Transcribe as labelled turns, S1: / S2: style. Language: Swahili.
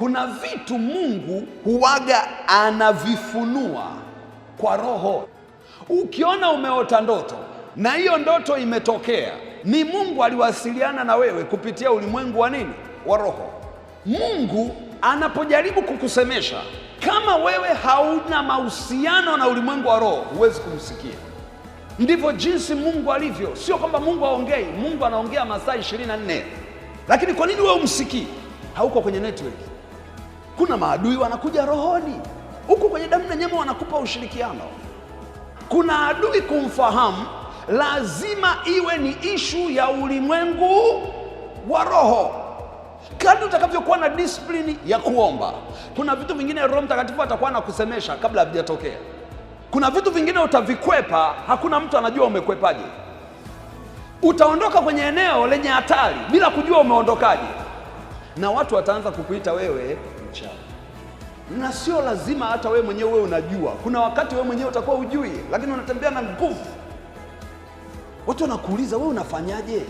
S1: Kuna vitu Mungu huwaga anavifunua kwa roho. Ukiona umeota ndoto na hiyo ndoto imetokea, ni Mungu aliwasiliana na wewe kupitia ulimwengu wa nini? Wa roho. Mungu anapojaribu kukusemesha, kama wewe hauna mahusiano na ulimwengu wa roho, huwezi kumsikia. Ndivyo jinsi Mungu alivyo. Sio kwamba Mungu haongei, Mungu anaongea masaa 24. Lakini kwa nini wewe umsikii? Hauko kwenye network. Kuna maadui wanakuja rohoni, huku kwenye damu na nyama wanakupa ushirikiano. Kuna adui kumfahamu, lazima iwe ni ishu ya ulimwengu wa roho. Kadri utakavyokuwa na disiplini ya kuomba, kuna vitu vingine Roho Mtakatifu atakuwa anakusemesha kabla havijatokea. Kuna vitu vingine utavikwepa, hakuna mtu anajua umekwepaje. Utaondoka kwenye eneo lenye hatari bila kujua umeondokaje na watu wataanza kukuita wewe mchawi, na sio lazima hata wewe mwenyewe wewe unajua. Kuna wakati wewe mwenyewe utakuwa ujui, lakini unatembea na nguvu. Watu wanakuuliza wewe unafanyaje?